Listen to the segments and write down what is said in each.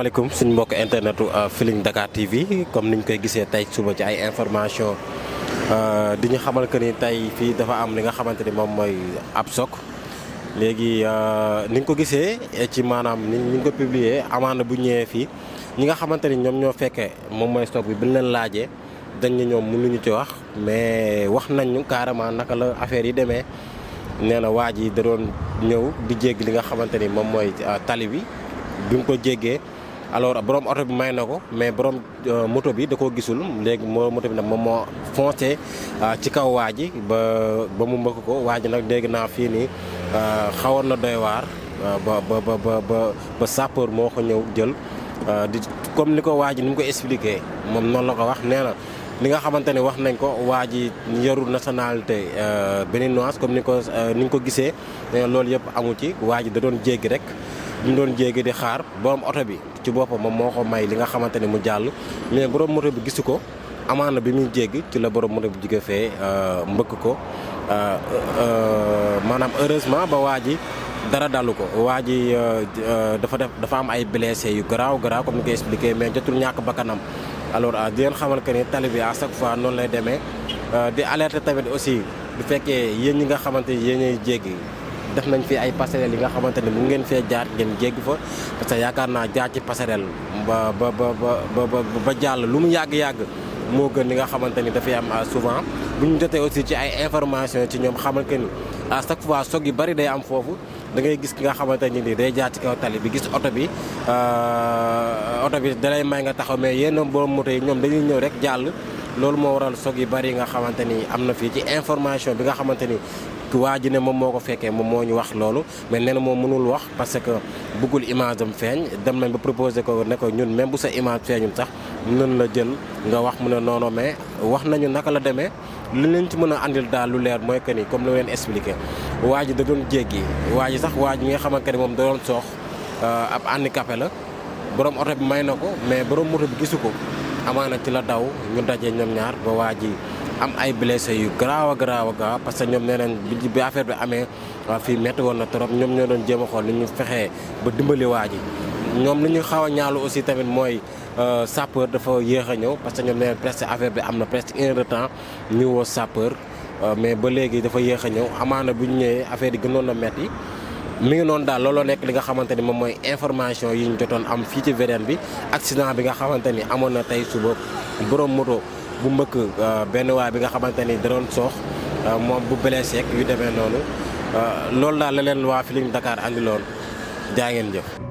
asalaamaaleykum suñu mbokk internetu euh, Feeling Dakar TV comme ni ñu koy gisee tey suba ci ay information euh, di ñu xamal que ni tey fii dafa am li nga xamante ni moom mooy ab choc léegi euh, ni nga ko gisee eh, ci maanaam ni ko publier amaana bu ñëwee fii ñi nga xamante ni ñoom ñoo fekkee moom mooy stock bi bi ñu laajee dañ ñu ñoom ñu ci wax mais wax nañ ñu carrément naka la affaire yi demee nee na waa ji da doon ñëw di jéggi li nga xamante ni moom mooy tali bi bi mu ko jéggee alors borom oto bi may na ko mais borom euh, moto bi da ko gisul léegi moo moto bi nag moom moo foncé euh, ci kaw waa ji ba ba mu mbëkk ko waa nag dégg naa fii nii euh, xawoon na doy waar ba ba ba ba ba moo ko ñëw jël di comme ni ko waa ji ni mu ko expliqué moom noonu la ko wax nee na li nga xamante ne wax nañ ko waa ji yarul nationalité béninoise comme ni ko ni nga ko gisee loolu yëpp amu ci waa ji da doon jéggi rek ñu doon jéegi di xaar borom oto bi ci boppam moom moo ko may li nga xamante ne mu jàll mais borom moto bi gisu ko amaana bi muy jéggi ci la borom moto bu jóge fee euh, mbëkk ko euh, euh, maanaam heureusement ba waa ji dara dalu ko waa ji dafa def dafa am ay blessé yu garaaw garaaw comme ni koy expliqué mais jotul ñàkk bakkanam alors di leen xamal que ni tali bi à chaque fois noonu lay demee di alerter tamit aussi bu fekkee yéen ñi nga xamante yéen ñay jéggi def nañ fi ay passerelle yi nga xamante ne mu ngeen fee jaar ngeen jégg fa parce yaakaar naa jaar ci passerelle ba ba ba ba ba ba jàll lu mu yàgg-yàgg moo gën li nga xamante ni dafay am ah, souvent bu ñu jotee aussi ci ay information ci ñoom xamal que ni à chaque fois soog yu bari day am foofu dangay gis ki nga xamante ni nii day jaar ci kaw tali bi gis oto bi ah, oto bi dalay may nga taxaw mais yenn borom moto yi ñoom dañuy ñëw rek jàll loolu moo waral soog yi bari nga xamante ni am na fii ci information bi nga xamante ni waa ji ne moom moo ko fekkee moom moo ñu wax loolu mais nee na moom mënul wax parce que bëggul image am feeñ dem nañ ba proposé ko ne ko ñun même bu sa image feeñul sax nun la jël nga wax mu ne noonu mais wax nañu naka la demee li leen ci mën a andil daal lu leer mooy que ni comme la leen expliqué waa ji da doon jéggi waa ji sax waa ji nga xamante ne moom da doon soox euh, ab handicapé la borom may na ko mais borom moto bi gisu ko amaana ci la daw ñu daje ñoom ñaar ba waa ji am ay blessé yu garaaw a garaaw a garaaw parce que ñoom nee nañ bi affaire bi amee waa fii métti woon na trop ñoom ñoo doon jéem a xool ni ñu fexee ba dimbali waa ji ñoom li ñuy xaw a ñaalu aussi tamit mooy euh, sapeur dafa yéex a ñëw parce que ñoom nee presque affaire bi am na presque une heure de temps ñu woo sapeur euh, mais ba léegi dafa yéex a ñëw amaana bu ñu ñëwee affaire yi gënoon a métti mi ngi noonu daal looloo nekk li nga xamante ni moom mooy information yi ñu jotoon am fii ci VDN bi accident bi nga xamante ni amoon na tey suba boroom moto bu mbëkk euh, benn waay bi nga xamante ni da soox euh, moom bu blessé yu demee noonu euh, loolu daal la leen waa Feeling ndakaar andi lool jaa ngeen jëf.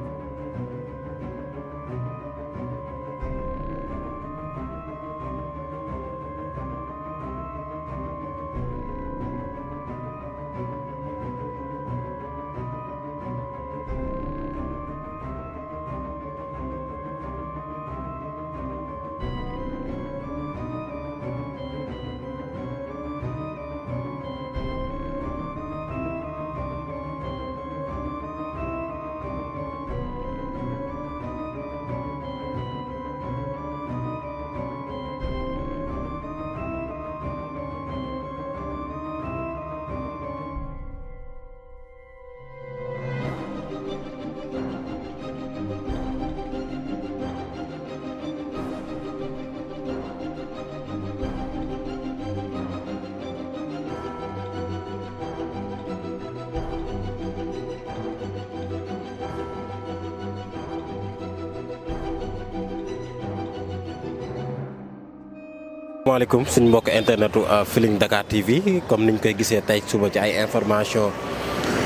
maaleykum suñu mbokk internetu euh, Feeling Dakar TV comme ñu koy gisee tey suba ci ay information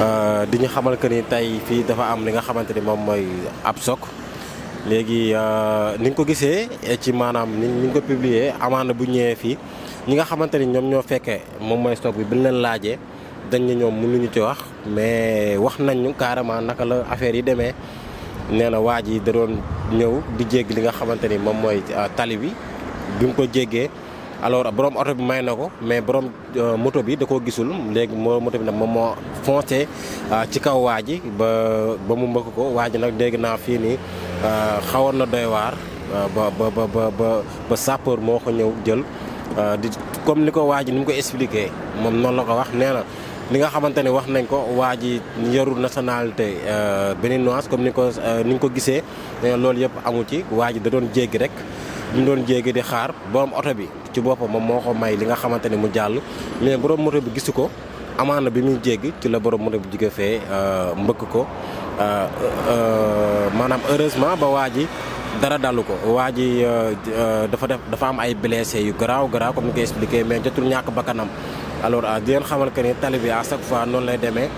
euh, di ñu xamal que ni tey fii dafa am li nga xamante ni moom mooy ab choc léegi euh, ni nga ko gisee eh, ci maanaam ni ñu ko publier bu ñëwee fii ñi nga xamante ni ñoom ñoo fekkee moom mooy stock bi bi ñu leen laajee dañ ne ñoom ñu ci wax mais wax nañ ñu carrément naka la affaire yi demee nee na waa ji da doon ñëw di jégg li nga xamante ni moom mooy tali bi bi mu ko jéggee. alors borom oto bi may na ko mais borom euh, moto bi da koo gisul léegi moo moto bi nag moom moo foncé euh, ci kaw waa ji ba ba mu mbëkk ko waa ji nag dégg naa fii nii euh, xawoon na doy waar ba ba ba ba ba moo ko ñëw jël di comme ni ko waa ji ni mu ko expliqué moom noonu la ko wax nee na li nga xamante ne wax nañ ko waa ji yarul nationalité béninoise comme ni ko ni nga ko gisee loolu yëpp amu ci waa ji da doon jéggi rek. ñu doon jéegi di xaar borom oto bi ci boppam moom moo ko may li nga xamante ne mu jàll mais boroom moto bi gisu ko amaana bi muy jéggi ci la borom moto bi jóge fee euh, mbëkk ko euh, euh, maanaam heureusement ba waa ji dara dalu ko waa ji dafa def dafa am ay blessé yu garaaw garaaw comme ni koy expliqué mais jotul ñàkk bakkanam alors di leen xamal que ni tali bi à chaque fois noonu lay demee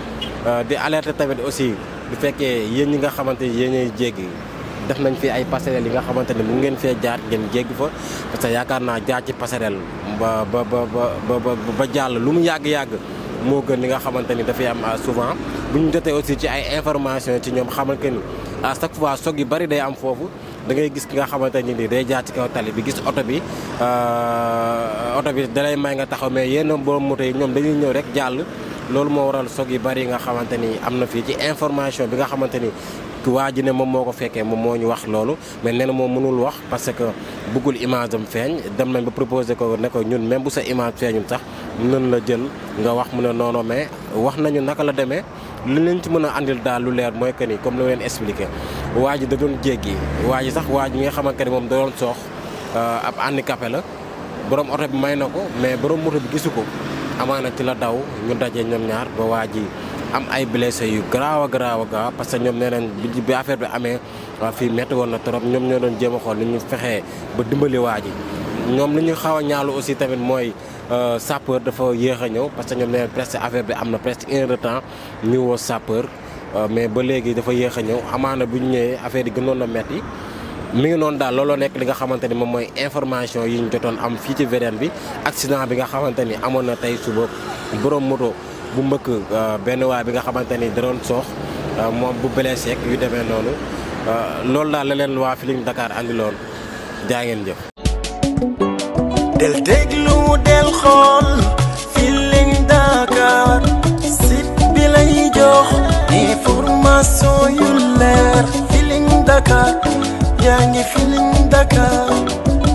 di alerter tamit aussi bu fekkee yéen ñi nga xamante yéenay jéggi def nañ fi ay passerelles yi nga xamante ni mu ngeen fee jaar ngeen jéggi fa parce que yaakaar naa jaar ci passerelle ba ba ba ba ba jàll lu mu yàgg-yàgg moo gën li nga xamante ni dafay am euh, souvent bu ñu jotee aussi ci ay information ci ñoom xamal que à chaque fois soog yi bari day am foofu da ngay gis ki nga xamante ni nii day jaar ci kaw tali bi gis oto bi euh, oto bi dalay may nga taxaw mais yenn borom moto yi ñoom dañuy ñëw rek jàll loolu moo waral soog yu bari yi nga xamante ni am na fii ci information bi nga xamante ni waa ji ne moom moo ko fekkee moom moo ñu wax loolu mais nee na moom mënul wax parce que bëggul image am feeñ dem nañ ba proposé ko ne ko ñun même bu sa image feeñul sax mën la jël nga wax mu ne noonu mais wax nañu naka la demee li leen ci mën a andil daal lu leer mooy que ni comme la leen expliqué waa ji da doon jéggi waa ji sax waa ji nga xamante ne moom da doon soox euh, ab handicapé la borom oto bi may na ko mais borom moto bi gisu ko amaana ci la daw ñu daje ñoom ñaar ba waa ji am ay blessé yu garaaw a garaaw a garaaw que ñoom nee nañ bi affaire bi amee fii metti woon na trop ñoom ñoo doon jéem a xool ni ñu fexee ba dimbali waa ji ñoom li ñuy xaw a ñaalu aussi tamit mooy euh, sapeur dafa yéex a ñëw parce que ñoom nee nañ presque affaire bi am na presque une heure de temps ñu euh, mais ba léegi dafa yéex a ñëw amaana bu ñu ñëwee affaire yi gënoon na metti mi ngi noonu daal looloo nekk li nga xamante ni moom mooy information yi ñu jotoon am fii ci VDN bi accident bi nga xamante ni amoon na tey suba borom moto. bu mbëkk euh, benn waay bi nga xamante ni da doon soox euh, moom bu blessé ak yu demee noonu euh, loolu daal la leen waa Feeling Dakar andi loon ngeen jëf. del déglu del xool Feeling Dakar site bi lay jox information yu leer Feeling Dakar yaa ngi Feeling Dakar.